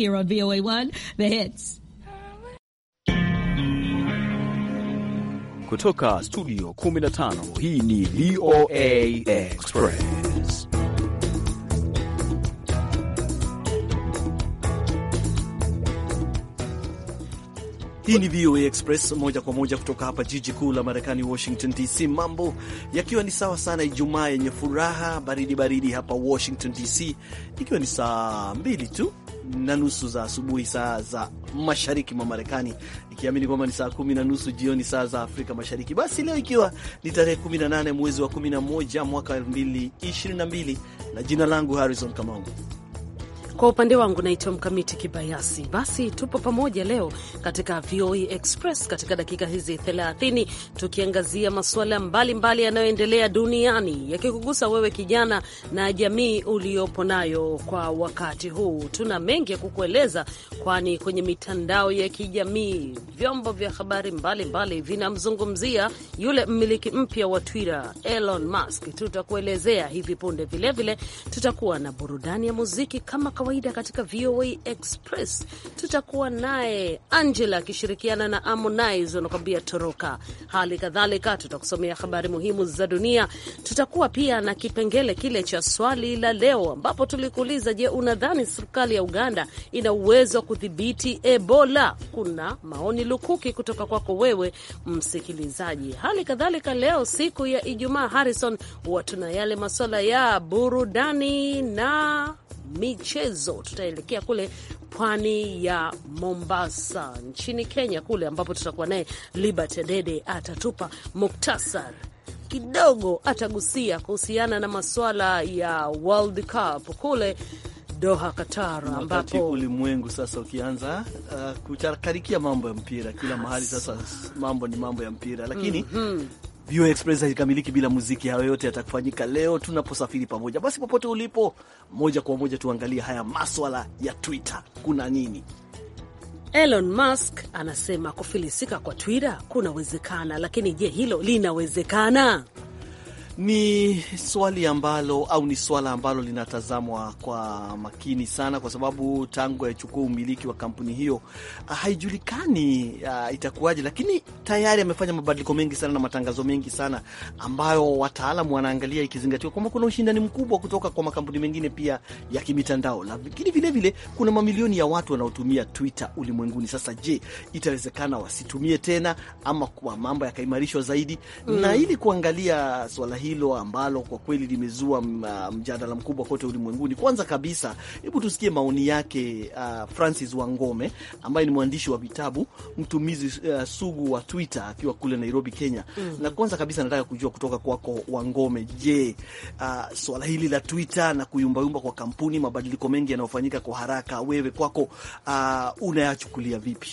here on VOA1 The Hits. Kutoka studio 15 hii ni VOA Express. Hii ni VOA Express moja kwa moja kutoka hapa jiji kuu la Marekani, Washington DC. Mambo yakiwa ni sawa sana, Ijumaa yenye furaha baridi baridi hapa Washington DC, ikiwa ni saa mbili tu na nusu za asubuhi saa za mashariki mwa Marekani, ikiamini kwamba ni saa kumi na nusu jioni saa za Afrika Mashariki. Basi leo ikiwa ni tarehe 18 mwezi wa 11 mwaka 2022, na jina langu Harrison Kamau. Kwa upande wangu naitwa Mkamiti Kibayasi. Basi tupo pamoja leo katika VOA e Express katika dakika hizi 30 tukiangazia masuala mbalimbali yanayoendelea duniani yakikugusa wewe kijana na jamii uliopo nayo kwa wakati huu. Tuna mengi ya kukueleza, kwani kwenye mitandao ya kijamii vyombo vya habari mbalimbali vinamzungumzia yule mmiliki mpya wa Twitter Elon Musk. Tutakuelezea hivi punde, vilevile tutakuwa na burudani ya muziki kama kawa kawaida katika VOA Express tutakuwa naye Angela akishirikiana na Harmonize wanakuambia toroka. Hali kadhalika tutakusomea habari muhimu za dunia. Tutakuwa pia na kipengele kile cha swali la leo, ambapo tulikuuliza, je, unadhani serikali ya Uganda ina uwezo wa kudhibiti Ebola? Kuna maoni lukuki kutoka kwako wewe msikilizaji. Hali kadhalika leo siku ya Ijumaa, Harrison, huwa tuna yale maswala ya burudani na michezo, tutaelekea kule pwani ya Mombasa nchini Kenya kule ambapo tutakuwa naye Liberty Dede, atatupa muktasar kidogo, atagusia kuhusiana na masuala ya World Cup kule Doha, Qatar, ambapo ulimwengu sasa ukianza uh, kucharikarikia mambo ya mpira kila mahali. Sasa mambo ni mambo ya mpira, lakini mm -hmm. VOA Express haikamiliki bila muziki. Hayo yote yatakufanyika leo tunaposafiri pamoja. Basi popote ulipo, moja kwa moja tuangalie haya maswala ya Twitter, kuna nini? Elon Musk anasema kufilisika kwa Twitter kunawezekana, lakini je, hilo linawezekana? Ni swali ambalo au ni swala ambalo linatazamwa kwa makini sana, kwa sababu tangu yachukua umiliki wa kampuni hiyo ah, haijulikani uh, itakuwaje, lakini tayari amefanya mabadiliko mengi sana na matangazo mengi sana ambayo wataalamu wanaangalia, ikizingatiwa kwamba kuna ushindani mkubwa kutoka kwa makampuni mengine pia ya kimitandao, lakini vilevile kuna mamilioni ya watu wanaotumia Twitter ulimwenguni. Sasa je, itawezekana wasitumie tena ama kwa mambo yakaimarishwa zaidi? mm. na ili kuangalia swala hili hilo ambalo kwa kweli limezua mm, uh, mjadala mkubwa kote ulimwenguni. Kwanza kabisa, hebu tusikie maoni yake uh, Francis Wangome ambaye ni mwandishi wa vitabu, mtumizi uh, sugu wa Twitter akiwa kule Nairobi, Kenya. mm -hmm. Na kwanza kabisa nataka kujua kutoka kwako Wangome, je, uh, swala hili la Twitter na kuyumbayumba kwa kampuni, mabadiliko mengi yanayofanyika kwa haraka, wewe kwako, uh, unayachukulia vipi?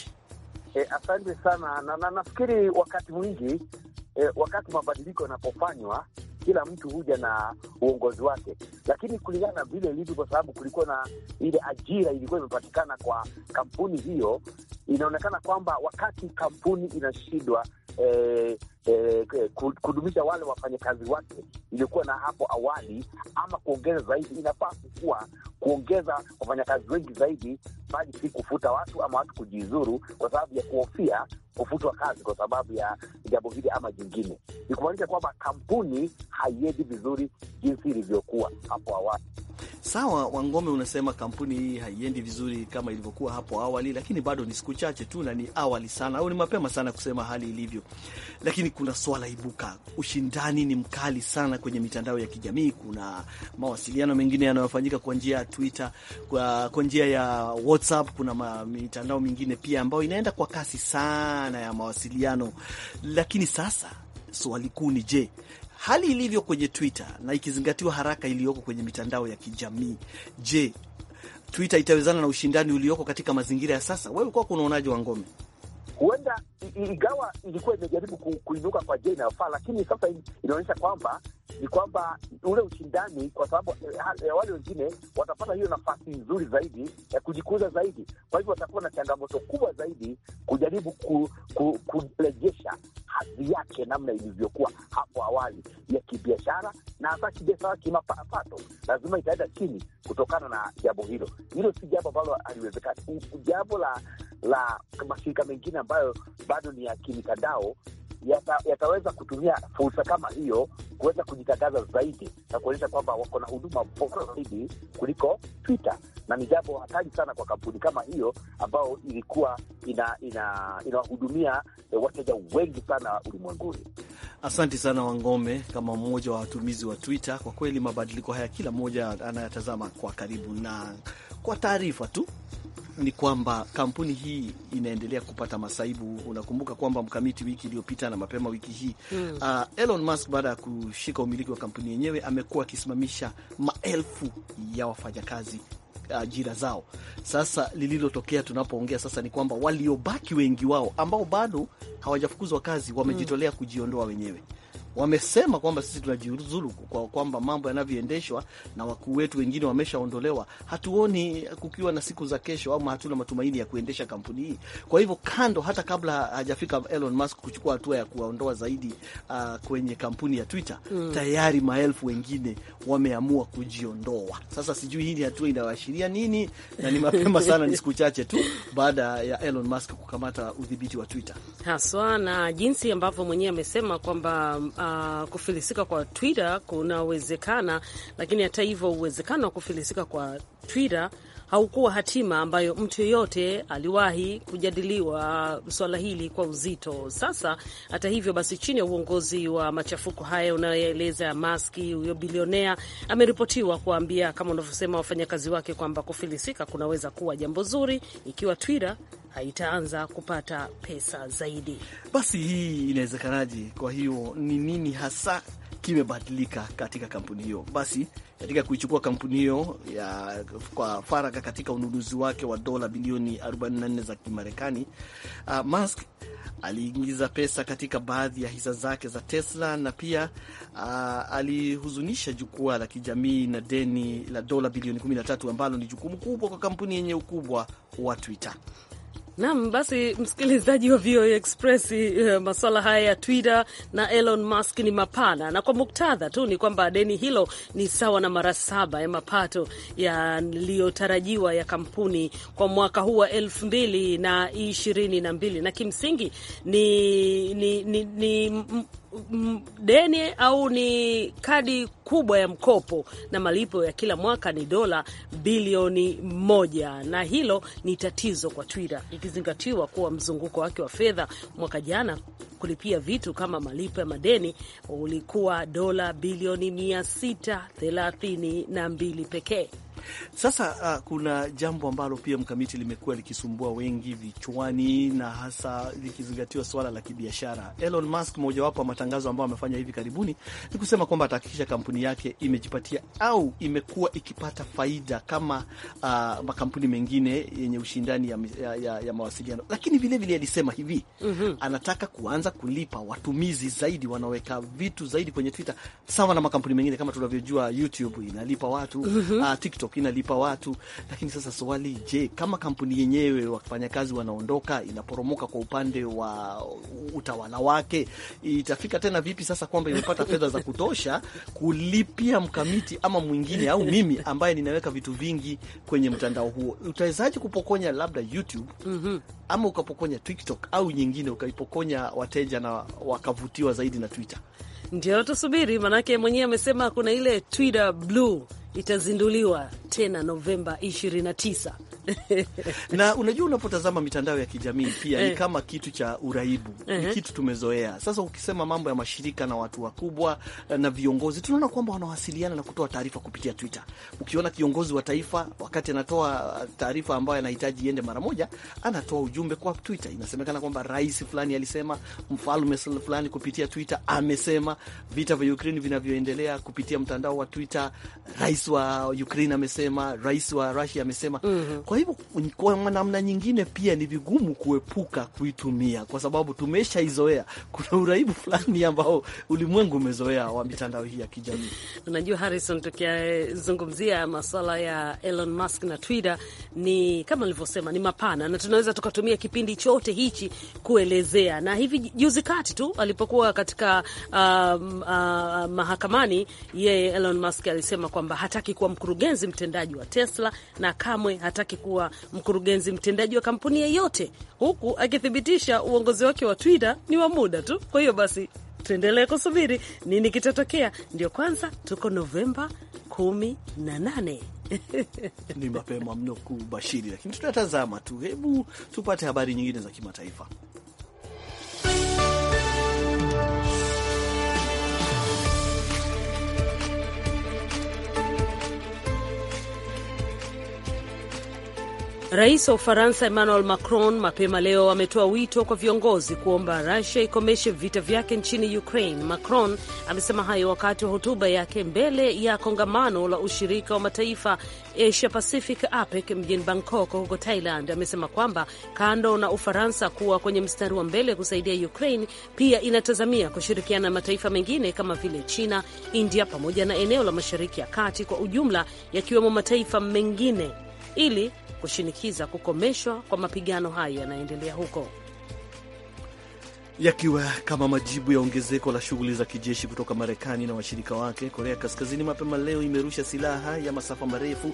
E, asante sana na, na nafikiri wakati mwingi e, wakati mabadiliko yanapofanywa kila mtu huja na uongozi wake, lakini kulingana na vile ilivyo, kwa sababu kulikuwa na ile ajira ilikuwa imepatikana kwa kampuni hiyo, inaonekana kwamba wakati kampuni inashindwa eh, eh, kudumisha wale wafanyakazi wake iliyokuwa na hapo awali, ama kuongeza zaidi. Inafaa kukuwa kuongeza wafanyakazi wengi zaidi, bali si kufuta watu ama watu kujizuru kwa sababu ya kuhofia kufutwa kazi kwa sababu ya jambo hili ama jingine. Ni kumaanisha kwamba kampuni haiendi vizuri jinsi ilivyokuwa hapo awali. Sawa, Wangome, unasema kampuni hii haiendi vizuri kama ilivyokuwa hapo awali, lakini bado ni siku chache tu na ni awali sana au ni mapema sana kusema hali ilivyo. Lakini kuna swala ibuka, ushindani ni mkali sana kwenye mitandao ya kijamii. Kuna mawasiliano mengine yanayofanyika kwa njia ya Twitter, kwa njia ya WhatsApp. Kuna ma, mitandao mingine pia ambayo inaenda kwa kasi sana ya mawasiliano, lakini sasa swali kuu ni je, hali ilivyo kwenye Twitter na ikizingatiwa haraka iliyoko kwenye mitandao ya kijamii, je, Twitter itawezana na ushindani ulioko katika mazingira ya sasa? Wewe kwako unaonaje, Wangome? Huenda ingawa ilikuwa imejaribu kuinuka kwa njia inayofaa, lakini sasa inaonyesha kwamba ni kwamba ule ushindani, kwa sababu eh, eh, wale wengine watapata hiyo nafasi nzuri zaidi ya kujikuza zaidi. Kwa hivyo watakuwa na changamoto kubwa zaidi kujaribu ku, ku, kurejesha hadhi yake namna ilivyokuwa hapo awali ya kibiashara, na hasa kibiashara kimapato lazima itaenda chini kutokana na jambo hilo. Hilo si jambo ambalo haliwezekani, jambo la la mashirika mengine ambayo bado ni ya kimitandao yata, yataweza kutumia fursa kama hiyo kuweza kujitangaza zaidi na kuonyesha kwamba wako na huduma bora zaidi kuliko Twitter, na ni jambo hatari sana kwa kampuni kama hiyo ambayo ilikuwa inawahudumia ina, ina wateja wengi sana ulimwenguni. Asante sana Wangome, kama mmoja wa watumizi wa Twitter. Kwa kweli mabadiliko haya kila mmoja anayatazama kwa karibu, na kwa taarifa tu ni kwamba kampuni hii inaendelea kupata masaibu. Unakumbuka kwamba mkamiti wiki iliyopita na mapema wiki hii mm. uh, Elon Musk baada ya kushika umiliki wa kampuni yenyewe amekuwa akisimamisha maelfu ya wafanyakazi uh, ajira zao. Sasa lililotokea tunapoongea sasa ni kwamba waliobaki wengi wao ambao bado hawajafukuzwa kazi wamejitolea hmm. kujiondoa wenyewe wamesema kwamba sisi tunajiuzulu kwa kwamba mambo yanavyoendeshwa na wakuu wetu wengine wameshaondolewa, hatuoni kukiwa na siku za kesho, ama hatuna matumaini ya kuendesha kampuni hii. Kwa hivyo kando, hata kabla hajafika Elon Musk kuchukua hatua ya kuwaondoa zaidi uh, kwenye kampuni ya Twitter mm, tayari maelfu wengine wameamua kujiondoa. Sasa sijui hili hatua inayoashiria nini, na ni mapema sana, ni siku chache tu baada ya Elon Musk kukamata udhibiti wa Twitter haswa na jinsi ambavyo mwenyewe amesema kwamba uh, Uh, kufilisika kwa Twitter kunawezekana, lakini hata hivyo uwezekano wa kufilisika kwa Twitter haukuwa hatima ambayo mtu yeyote aliwahi kujadiliwa swala hili kwa uzito. Sasa hata hivyo basi, chini ya uongozi wa machafuko haya unayoeleza ya Maski, huyo bilionea ameripotiwa kuambia, kama unavyosema, wafanyakazi wake kwamba kufilisika kunaweza kuwa jambo zuri ikiwa Twitter itaanza kupata pesa zaidi. Basi hii inawezekanaje? Kwa hiyo ni nini hasa kimebadilika katika kampuni hiyo? Basi katika kuichukua kampuni hiyo ya kwa faragha katika ununuzi wake wa dola bilioni 44 za Kimarekani, uh, Musk aliingiza pesa katika baadhi ya hisa zake za Tesla na pia uh, alihuzunisha jukwaa la kijamii na deni la dola bilioni 13 ambalo ni jukumu kubwa kwa kampuni yenye ukubwa wa Twitter. Nam, basi msikilizaji wa VOA Express, uh, maswala haya ya Twitter na Elon Musk ni mapana, na kwa muktadha tu ni kwamba deni hilo ni sawa na mara saba ya mapato yaliyotarajiwa ya kampuni kwa mwaka huu wa elfu mbili na ishirini na mbili na kimsingi ni, ni, ni, ni deni au ni kadi kubwa ya mkopo na malipo ya kila mwaka ni dola bilioni moja, na hilo ni tatizo kwa Twitter ikizingatiwa kuwa mzunguko wake wa fedha mwaka jana kulipia vitu kama malipo ya madeni ulikuwa dola bilioni 632 pekee. Sasa uh, kuna jambo ambalo pia mkamiti limekuwa likisumbua wengi vichwani na hasa likizingatiwa swala la kibiashara. Elon Musk, mojawapo wa matangazo ambayo amefanya hivi karibuni ni kusema kwamba atahakikisha kampuni yake imejipatia au imekuwa ikipata faida kama uh, makampuni mengine yenye ushindani ya, ya, ya, ya mawasiliano, lakini vilevile alisema hivi mm -hmm. anataka kuanza kulipa watumizi zaidi wanaweka vitu zaidi kwenye Twitter sawa na makampuni mengine kama tunavyojua YouTube inalipa watu mm -hmm. uh, TikTok nalipa watu. Lakini sasa swali, je, kama kampuni yenyewe wafanyakazi wanaondoka, inaporomoka kwa upande wa utawala wake, itafika tena vipi sasa kwamba imepata fedha za kutosha kulipia mkamiti ama mwingine au mimi ambaye ninaweka vitu vingi kwenye mtandao huo? Utawezaje kupokonya labda YouTube mm -hmm. ama ukapokonya TikTok au nyingine ukaipokonya wateja na wakavutiwa zaidi na Twitter? Ndio tusubiri, manake mwenyewe amesema kuna ile Twitter blue itazinduliwa tena Novemba 29. na unajua, unapotazama mitandao ya kijamii pia ni eh. kama kitu cha uraibu eh, ni kitu tumezoea sasa. Ukisema mambo ya mashirika na watu wakubwa eh, na viongozi, tunaona kwamba wanawasiliana na kutoa taarifa kupitia Twitter. Ukiona kiongozi wa taifa wakati anatoa eh, taarifa ambayo anahitaji iende mara moja, anatoa ujumbe kwa Twitter. Inasemekana kwamba rais fulani alisema, mfalme fulani kupitia Twitter amesema, vita vya Ukraine vinavyoendelea kupitia mtandao wa Twitter, rais rais wa Ukraine amesema, rais wa Russia amesema. mm -hmm. Kwa hivyo kwa namna nyingine pia ni vigumu kuepuka kuitumia, kwa sababu tumeshaizoea. Kuna uraibu fulani ambao ulimwengu umezoea wa mitandao hii ya kijamii. Unajua Harrison, tukizungumzia masuala ya Elon Musk na Twitter ni kama nilivyosema, ni mapana na tunaweza tukatumia kipindi chote hichi kuelezea, na hivi juzi kati tu alipokuwa katika uh, uh, mahakamani, yeye Elon Musk alisema kwamba hataki kuwa mkurugenzi mtendaji wa Tesla na kamwe hataki kuwa mkurugenzi mtendaji wa kampuni yeyote, huku akithibitisha uongozi wake wa Twitter ni wa muda tu. Kwa hiyo basi tuendelee kusubiri nini kitatokea. Ndio kwanza tuko Novemba 18 na Ni mapema mno kubashiri, lakini tunatazama tu. Hebu tupate habari nyingine za kimataifa. Rais wa Ufaransa Emmanuel Macron mapema leo ametoa wito kwa viongozi kuomba rasia ikomeshe vita vyake nchini Ukraine. Macron amesema hayo wakati wa hotuba yake mbele ya kongamano la ushirika wa mataifa Asia Pacific APEC mjini Bangkok huko Thailand. Amesema kwamba kando na Ufaransa kuwa kwenye mstari wa mbele kusaidia Ukraine, pia inatazamia kushirikiana na mataifa mengine kama vile China, India pamoja na eneo la Mashariki ya Kati kwa ujumla, yakiwemo mataifa mengine ili kushinikiza kukomeshwa kwa mapigano hayo yanayoendelea huko yakiwa kama majibu ya ongezeko la shughuli za kijeshi kutoka Marekani na washirika wake. Korea Kaskazini mapema leo imerusha silaha ya masafa marefu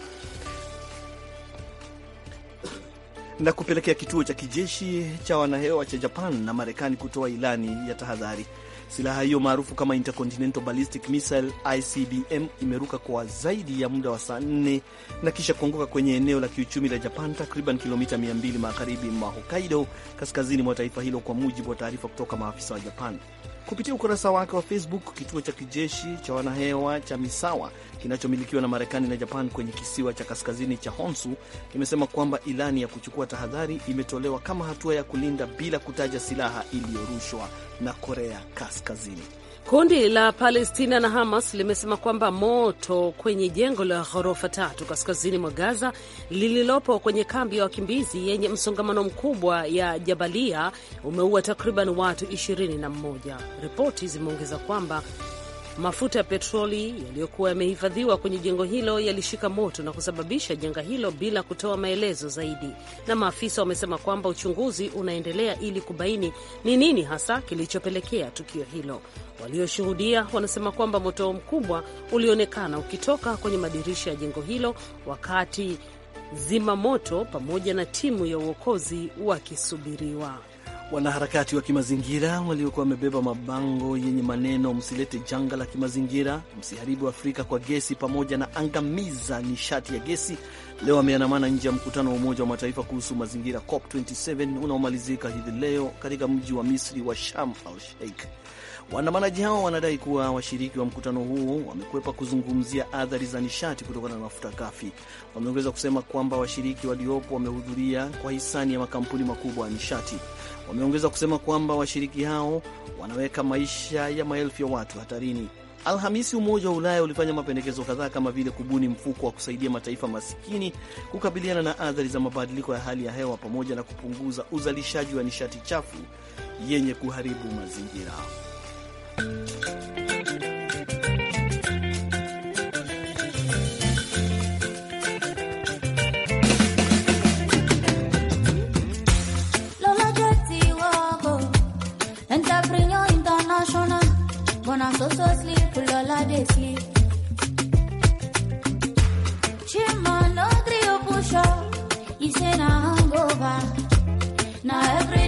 na kupelekea kituo cha kijeshi cha wanahewa cha Japan na Marekani kutoa ilani ya tahadhari. Silaha hiyo maarufu kama Intercontinental Ballistic Missile ICBM imeruka kwa zaidi ya muda wa saa nne na kisha kuanguka kwenye eneo la kiuchumi la Japan takriban kilomita 200 magharibi mwa Hokkaido, kaskazini mwa taifa hilo, kwa mujibu wa taarifa kutoka maafisa wa Japan. Kupitia ukurasa wake wa Facebook, kituo cha kijeshi cha wanahewa cha Misawa kinachomilikiwa na Marekani na Japan kwenye kisiwa cha kaskazini cha Honsu kimesema kwamba ilani ya kuchukua tahadhari imetolewa kama hatua ya kulinda bila kutaja silaha iliyorushwa na Korea Kaskazini. Kundi la Palestina na Hamas limesema kwamba moto kwenye jengo la ghorofa tatu kaskazini mwa Gaza lililopo kwenye kambi ya wakimbizi yenye msongamano mkubwa ya Jabalia umeua takriban watu 21. Ripoti zimeongeza kwamba Mafuta ya petroli yaliyokuwa yamehifadhiwa kwenye jengo hilo yalishika moto na kusababisha janga hilo bila kutoa maelezo zaidi, na maafisa wamesema kwamba uchunguzi unaendelea ili kubaini ni nini hasa kilichopelekea tukio hilo. Walioshuhudia wanasema kwamba moto mkubwa ulionekana ukitoka kwenye madirisha ya jengo hilo wakati zima moto pamoja na timu ya uokozi wakisubiriwa. Wanaharakati wa kimazingira waliokuwa wamebeba mabango yenye maneno msilete janga la kimazingira, msiharibu Afrika kwa gesi, pamoja na angamiza nishati ya gesi, leo wameandamana nje ya mkutano wa Umoja wa Mataifa kuhusu mazingira COP 27 unaomalizika hivi leo katika mji wa Misri wa Sham al Sheikh. Waandamanaji hao wanadai kuwa washiriki wa mkutano huo wamekwepa kuzungumzia athari za nishati kutokana na mafuta ghafi. Wameongeza kusema kwamba washiriki waliopo wamehudhuria kwa hisani ya makampuni makubwa ya nishati. Wameongeza kusema kwamba washiriki hao wanaweka maisha ya maelfu ya watu hatarini. Alhamisi, Umoja wa Ulaya ulifanya mapendekezo kadhaa kama vile kubuni mfuko wa kusaidia mataifa masikini kukabiliana na athari za mabadiliko ya hali ya hewa pamoja na kupunguza uzalishaji wa nishati chafu yenye kuharibu mazingira. Chimano trio pusho, isena hangova, na every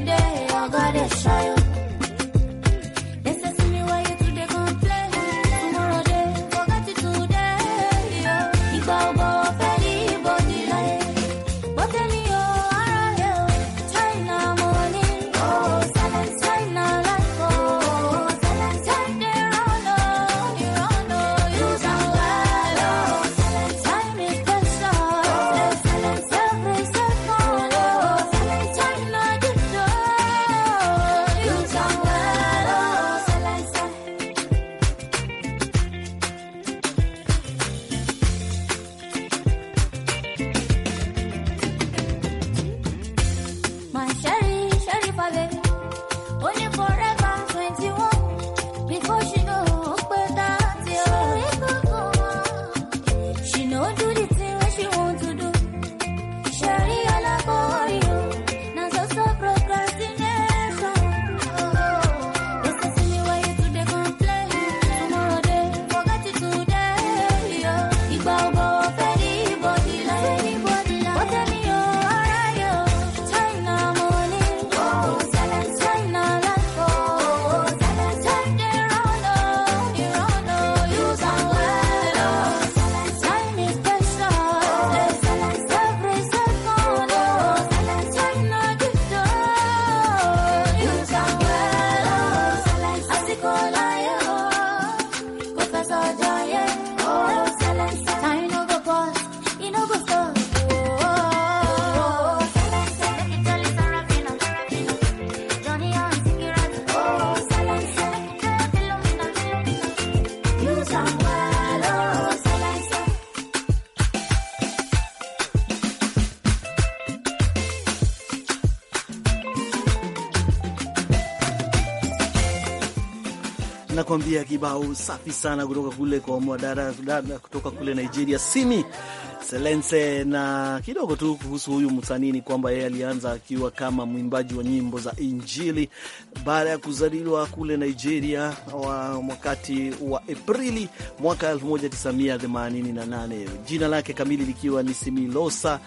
nakwambia kibao safi sana kutoka kule kwa mwadada kutoka kule Nigeria, Simi Selense. Na kidogo tu kuhusu huyu msanii ni kwamba yeye alianza akiwa kama mwimbaji wa nyimbo za Injili baada ya kuzaliwa kule Nigeria wa wakati wa Aprili mwaka 1988, jina lake kamili likiwa ni Similosa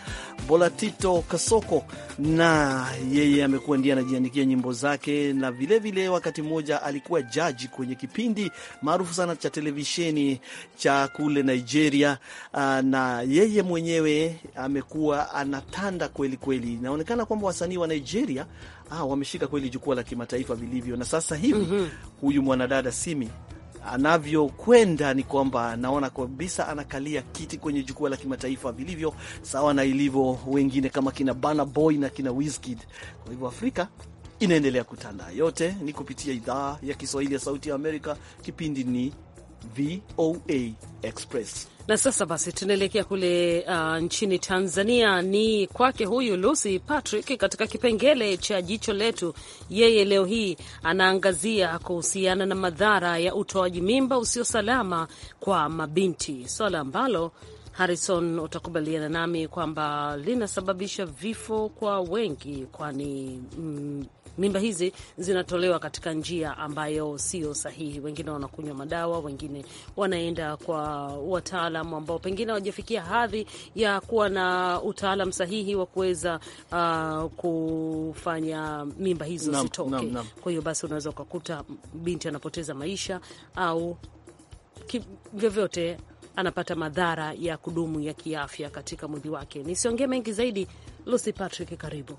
Bolatito Kasoko, na yeye amekuwa ndiye anajiandikia nyimbo zake, na vilevile vile wakati mmoja alikuwa jaji kwenye kipindi maarufu sana cha televisheni cha kule Nigeria na yeye yeye mwenyewe amekuwa anatanda kweli kweli. Inaonekana kwamba wasanii wa Nigeria ah, wameshika kweli jukwaa la kimataifa vilivyo, na sasa hivi mm -hmm. huyu mwanadada Simi anavyokwenda ni kwamba naona kabisa anakalia kiti kwenye jukwaa la kimataifa vilivyo, sawa na ilivyo wengine kama kina Burna Boy na kina Wizkid. Kwa hivyo Afrika inaendelea kutanda. Yote ni kupitia idhaa ya Kiswahili ya Sauti ya Amerika. Kipindi ni VOA Express. Na sasa basi tunaelekea kule uh, nchini Tanzania, ni kwake huyu Lucy Patrick katika kipengele cha jicho letu. Yeye leo hii anaangazia kuhusiana na madhara ya utoaji mimba usio salama kwa mabinti, swala ambalo Harrison, utakubaliana nami kwamba linasababisha vifo kwa wengi, kwani mm, mimba hizi zinatolewa katika njia ambayo sio sahihi. Wengine wanakunywa madawa, wengine wanaenda kwa wataalamu ambao pengine hawajafikia hadhi ya kuwa na utaalam sahihi wa kuweza uh, kufanya mimba hizo nam, zitoke Kwa hiyo basi unaweza ukakuta binti anapoteza maisha au vyovyote anapata madhara ya kudumu ya kiafya katika mwili wake. Nisiongee mengi zaidi. Lucy Patrick, karibu.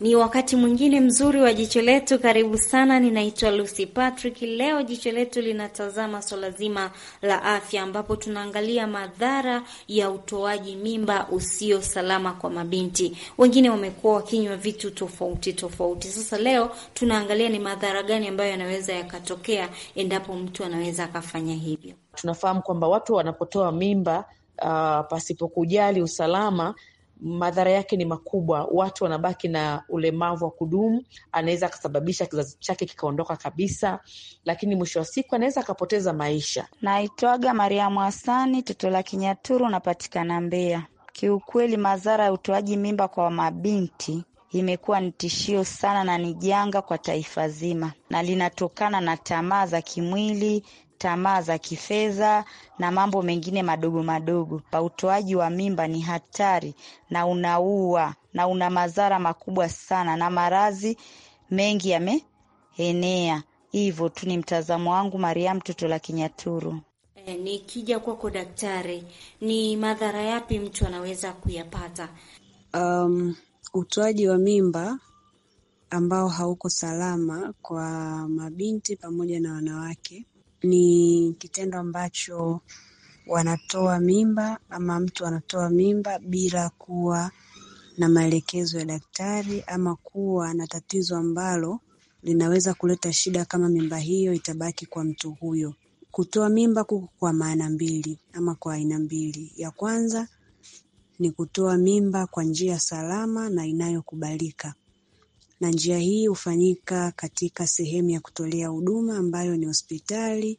Ni wakati mwingine mzuri wa jicho letu. Karibu sana, ninaitwa Lucy Patrick. Leo jicho letu linatazama swala zima la afya, ambapo tunaangalia madhara ya utoaji mimba usio salama kwa mabinti. Wengine wamekuwa wakinywa vitu tofauti tofauti. Sasa leo tunaangalia ni madhara gani ambayo yanaweza yakatokea endapo mtu anaweza akafanya hivyo. Tunafahamu kwamba watu wanapotoa mimba uh, pasipokujali usalama madhara yake ni makubwa. Watu wanabaki na ulemavu wa kudumu, anaweza akasababisha kizazi chake kikaondoka kabisa, lakini mwisho wa siku anaweza akapoteza maisha. Naitwaga Mariamu Hasani, toto la Kinyaturu, napatikana Mbeya. Kiukweli, madhara ya utoaji mimba kwa mabinti imekuwa ni tishio sana na ni janga kwa taifa zima, na linatokana na tamaa za kimwili, tamaa za kifedha na mambo mengine madogo madogo. Utoaji wa mimba ni hatari na unaua na una madhara makubwa sana, na maradhi mengi yameenea. Hivyo tu ni mtazamo wangu. Mariam Toto la Kinyaturu. E, nikija kwako daktari, ni madhara yapi mtu anaweza kuyapata? Um, utoaji wa mimba ambao hauko salama kwa mabinti pamoja na wanawake ni kitendo ambacho wanatoa mimba ama mtu anatoa mimba bila kuwa na maelekezo ya daktari ama kuwa na tatizo ambalo linaweza kuleta shida kama mimba hiyo itabaki kwa mtu huyo. Kutoa mimba kuko kwa maana mbili ama kwa aina mbili. Ya kwanza ni kutoa mimba kwa njia salama na inayokubalika na njia hii hufanyika katika sehemu ya kutolea huduma ambayo ni hospitali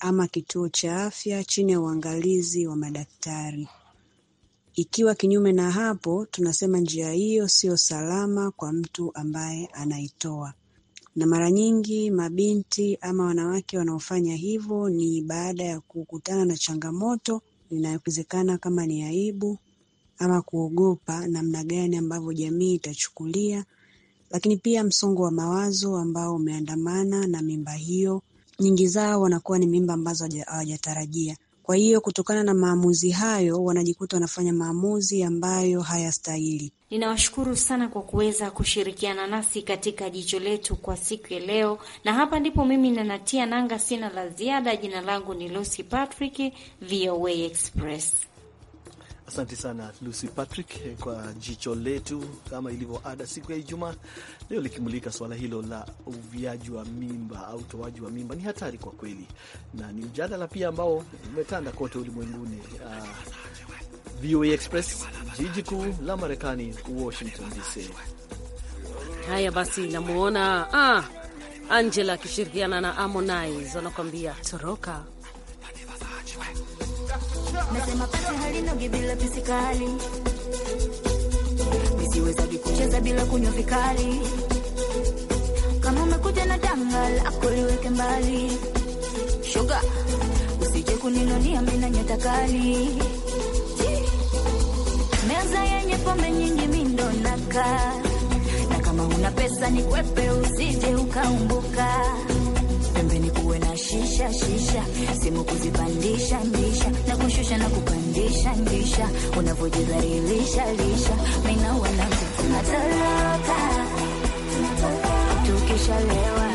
ama kituo cha afya chini ya uangalizi wa madaktari. Ikiwa kinyume na hapo, tunasema njia hiyo sio salama kwa mtu ambaye anaitoa. Na mara nyingi mabinti ama wanawake wanaofanya hivyo ni baada ya kukutana na changamoto inayowezekana kama ni aibu ama kuogopa namna gani ambavyo jamii itachukulia lakini pia msongo wa mawazo ambao umeandamana na mimba hiyo. Nyingi zao wanakuwa ni mimba ambazo hawajatarajia. Kwa hiyo kutokana na maamuzi hayo, wanajikuta wanafanya maamuzi ambayo hayastahili. Ninawashukuru sana kwa kuweza kushirikiana nasi katika jicho letu kwa siku ya leo, na hapa ndipo mimi nanatia nanga. Sina la ziada. Jina langu ni Lucy Patrick, VOA Express. Asante sana Lucy Patrick kwa jicho letu kama ilivyo ada siku ya Ijumaa leo likimulika swala hilo la uviaji wa mimba au utoaji wa mimba. Ni hatari kwa kweli, na ni mjadala pia ambao umetanda kote ulimwenguni. Uh, ah, VOA Express, jiji kuu la Marekani, Washington DC. Haya basi, namuona ah, Angela akishirikiana na Harmonize wanakuambia toroka nasema pata hali nogi bila pisikali, nisiwezagi kucheza bila kunywa vikali. Kama umekuja na danga lako liweke mbali, shoga, usije kunilonia mina nyota kali, meza yenye pombe nyingi mindo naka na kama una pesa ni kwepe, usije ukaumbuka shisha shisha, simu kuzipandisha ndisha na kushusha na kupandisha ndisha, unavyojidhalilisha lisha, mina wanangu tunatoroka tukishalewa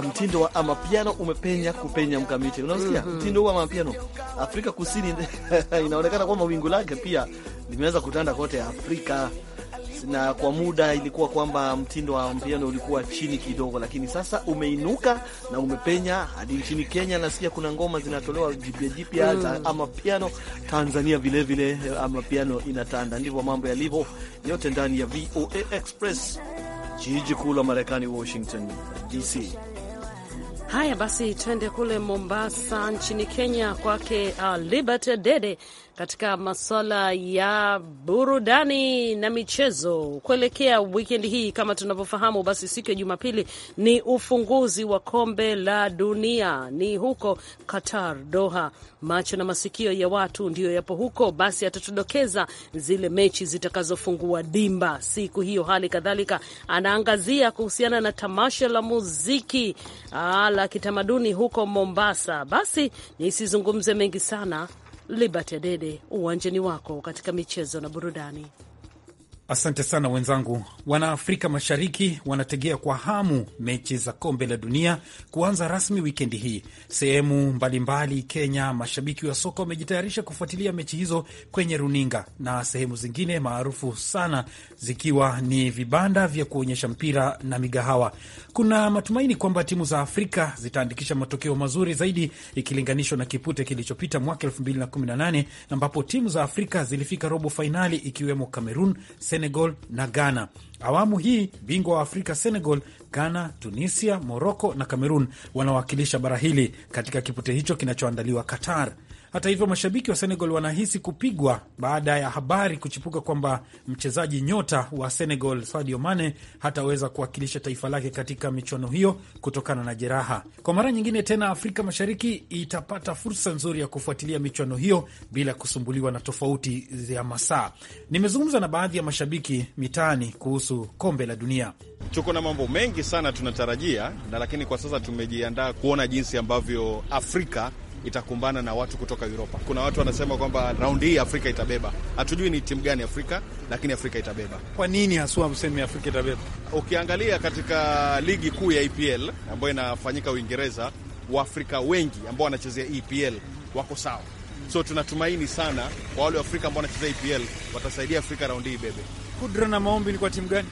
mtindo wa amapiano umepenya kupenya mkamiti, unasikia mm -hmm. mtindo wa amapiano Afrika Kusini inaonekana kwamba wingu lake pia limeweza kutanda kote Afrika na kwa muda ilikuwa kwamba mtindo wa mpiano ulikuwa chini kidogo, lakini sasa umeinuka na umepenya hadi nchini Kenya. Nasikia kuna ngoma zinatolewa jipya jipya mm. ama piano Tanzania vilevile, vile, eh, ama piano inatanda. Ndivyo mambo yalivyo, yote ndani ya VOA Express, jiji kuu la Marekani, Washington DC. Haya basi, twende kule Mombasa nchini Kenya, kwake uh, Libert Dede katika masuala ya burudani na michezo kuelekea wikendi hii. Kama tunavyofahamu, basi siku ya Jumapili ni ufunguzi wa kombe la dunia, ni huko Qatar, Doha. Macho na masikio ya watu ndiyo yapo huko, basi atatudokeza zile mechi zitakazofungua dimba siku hiyo. Hali kadhalika anaangazia kuhusiana na tamasha la muziki ah, la kitamaduni huko Mombasa. Basi nisizungumze mengi sana Liberty adede uwanjani wako katika michezo na burudani. Asante sana wenzangu. Wanaafrika Mashariki wanategea kwa hamu mechi za kombe la dunia kuanza rasmi wikendi hii sehemu mbalimbali Kenya. Mashabiki wa soka wamejitayarisha kufuatilia mechi hizo kwenye runinga na sehemu zingine maarufu sana, zikiwa ni vibanda vya kuonyesha mpira na migahawa. Kuna matumaini kwamba timu za Afrika zitaandikisha matokeo mazuri zaidi ikilinganishwa na kipute kilichopita mwaka 2018 ambapo timu za Afrika zilifika robo fainali ikiwemo Cameroon. Senegal na Ghana. Awamu hii bingwa wa Afrika Senegal, Ghana, Tunisia, Moroko na cameron wanawakilisha bara hili katika kipute hicho kinachoandaliwa Qatar. Hata hivyo, mashabiki wa Senegal wanahisi kupigwa baada ya habari kuchipuka kwamba mchezaji nyota wa Senegal Sadio Mane hataweza kuwakilisha taifa lake katika michuano hiyo kutokana na jeraha. Kwa mara nyingine tena, Afrika Mashariki itapata fursa nzuri ya kufuatilia michuano hiyo bila kusumbuliwa na tofauti ya masaa. Nimezungumza na baadhi ya mashabiki mitaani kuhusu kombe la dunia. Tuko na mambo mengi sana tunatarajia na, lakini kwa sasa tumejiandaa kuona jinsi ambavyo Afrika itakumbana na watu kutoka Uropa. Kuna watu wanasema kwamba raundi hii Afrika itabeba. Hatujui ni timu gani Afrika, lakini Afrika itabeba. Kwa nini haswa mseme Afrika itabeba? Ukiangalia katika ligi kuu ya EPL ambayo inafanyika Uingereza, Waafrika wengi ambao wanachezea EPL wako sawa, so tunatumaini sana kwa wale Waafrika ambao wanachezea EPL watasaidia Afrika raundi hii bebe. Kudra na maombi ni kwa timu gani?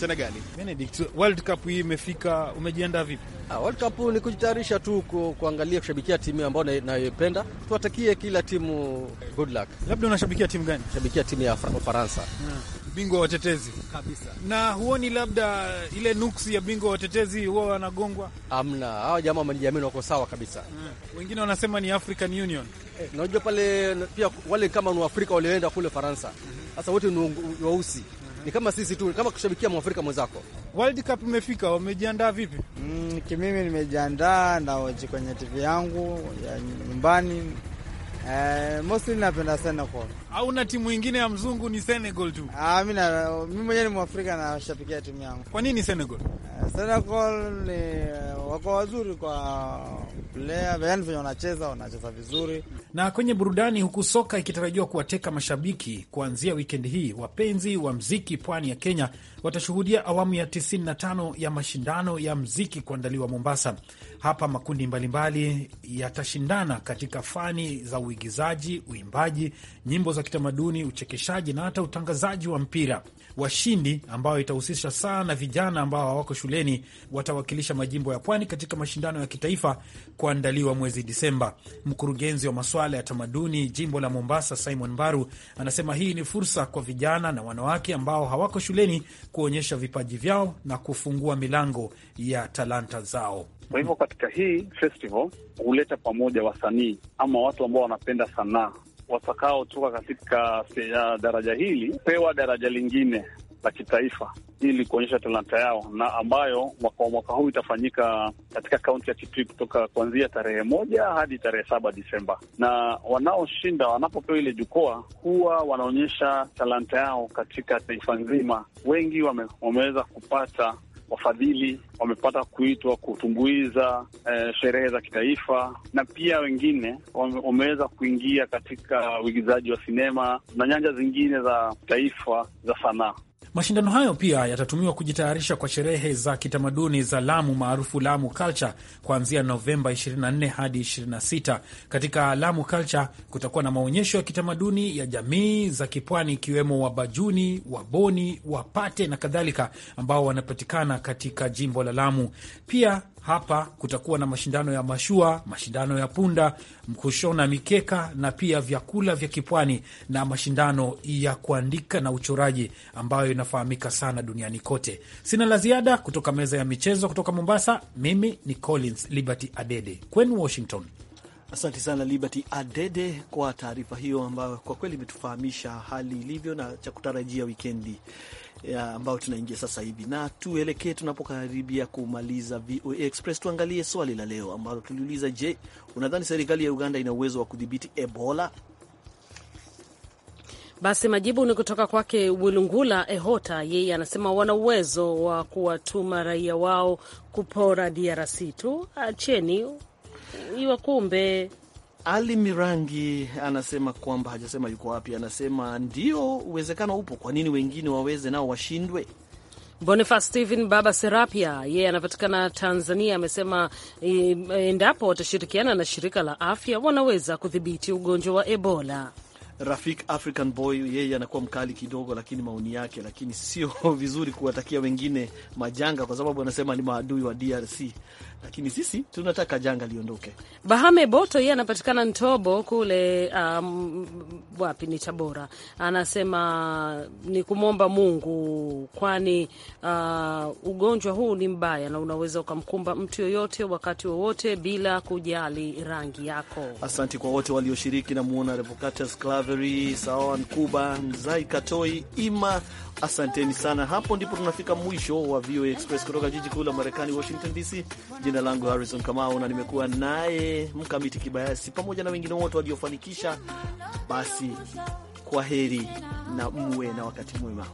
Senegali. Benedict, World Cup hii imefika, umejiandaa vipi? Ah, World Cup ni kujitayarisha tu kuangalia kushabikia timu ambayo nayoipenda. Tuwatakie kila timu good luck. Labda unashabikia timu gani? Shabikia timu ya Ufaransa, ah, bingwa watetezi kabisa. Na huoni labda ile nuksi ya bingwa watetezi huwa wanagongwa? Amna, hawa jamaa wamejiamini, wako sawa kabisa. Yeah. Wengine wanasema ni African Union. Eh, unajua pale pia wale kama ni Waafrika walioenda kule Faransa mhm. sasa, wote ni weusi ni kama sisi tu, kama kushabikia mwafrika mwenzako. World Cup imefika, wamejiandaa vipi? Mm, kimimi nimejiandaa na oji kwenye TV yangu ya nyumbani. Eh, mostly napenda Senegal. Au na timu ingine ya mzungu ni Senegal tu? Ah, mimi mimi mwenyewe ni mwafrika na nashabikia timu yangu. Kwa nini Senegal? Senegal ni wako wazuri kwa player, yaani venye wanacheza wanacheza vizuri. Na kwenye burudani, huku soka ikitarajiwa kuwateka mashabiki kuanzia wikendi hii, wapenzi wa mziki pwani ya Kenya watashuhudia awamu ya 95 ya mashindano ya mziki kuandaliwa Mombasa. Hapa makundi mbalimbali yatashindana katika fani za uigizaji, uimbaji, nyimbo za kitamaduni, uchekeshaji na hata utangazaji wa mpira washindi ambayo itahusisha sana vijana ambao hawako shuleni, watawakilisha majimbo ya pwani katika mashindano ya kitaifa kuandaliwa mwezi Disemba. Mkurugenzi wa masuala ya tamaduni jimbo la Mombasa, Simon Mbaru, anasema hii ni fursa kwa vijana na wanawake ambao hawako shuleni kuonyesha vipaji vyao na kufungua milango ya talanta zao. Kwa hivyo katika hii festival huleta pamoja wasanii ama watu ambao wanapenda sanaa watakaotoka katika daraja hili pewa daraja lingine la kitaifa ili kuonyesha talanta yao, na ambayo mwaka mwaka huu itafanyika katika kaunti ya Kitui kutoka kuanzia tarehe moja hadi tarehe saba Disemba. Na wanaoshinda wanapopewa ile jukwaa huwa wanaonyesha talanta yao katika taifa nzima. Wengi wame, wameweza kupata wafadhili wamepata kuitwa kutumbuiza eh, sherehe za kitaifa, na pia wengine wameweza kuingia katika uigizaji wa sinema na nyanja zingine za taifa za sanaa. Mashindano hayo pia yatatumiwa kujitayarisha kwa sherehe za kitamaduni za Lamu maarufu Lamu Culture kuanzia Novemba 24 hadi 26. Katika Lamu Culture kutakuwa na maonyesho ya kitamaduni ya jamii za kipwani ikiwemo Wabajuni, Waboni, Wapate na kadhalika ambao wanapatikana katika jimbo la Lamu. Pia hapa kutakuwa na mashindano ya mashua, mashindano ya punda, kushona mikeka na pia vyakula vya kipwani na mashindano ya kuandika na uchoraji ambayo inafahamika sana duniani kote. Sina la ziada kutoka meza ya michezo kutoka Mombasa. Mimi ni Collins Liberty Adede kwenu Washington. Asante sana Liberty Adede kwa taarifa hiyo ambayo kwa kweli imetufahamisha hali ilivyo na cha kutarajia wikendi ambayo tunaingia sasa hivi, na tuelekee tunapokaribia kumaliza VOA Express, tuangalie swali la leo ambalo tuliuliza: Je, unadhani serikali ya Uganda ina uwezo wa kudhibiti Ebola? Basi majibu ni kutoka kwake Wilungula Ehota. Yeye anasema wana uwezo wa kuwatuma raia wao kupora DRC tu, acheni iwakumbe. Ali Mirangi anasema kwamba hajasema yuko wapi, anasema ndio uwezekano upo, kwa nini wengine waweze nao washindwe? Boniface Stephen Baba Serapia yeye, yeah, anapatikana Tanzania, amesema e, endapo watashirikiana na shirika la afya wanaweza kudhibiti ugonjwa wa Ebola. Rafik African Boy yeye anakuwa mkali kidogo, lakini maoni yake, lakini sio vizuri kuwatakia wengine majanga, kwa sababu anasema ni maadui wa DRC lakini sisi tunataka janga liondoke. Bahame Boto yeye anapatikana Ntobo kule, um, wapi ni Tabora, anasema ni kumwomba Mungu, kwani uh, ugonjwa huu ni mbaya na unaweza ukamkumba mtu yoyote wakati wowote bila kujali rangi yako. Asante kwa wote walioshiriki, namwona Revocatus Clavery, Sawan Kuba, Mzai Katoi, Ima Asanteni sana. Hapo ndipo tunafika mwisho wa VOA Express kutoka jiji kuu la Marekani, Washington DC. Jina langu Harrison Kamau na nimekuwa naye Mkamiti Kibayasi pamoja na wengine wote waliofanikisha. Basi kwa heri na mwe na wakati mwema.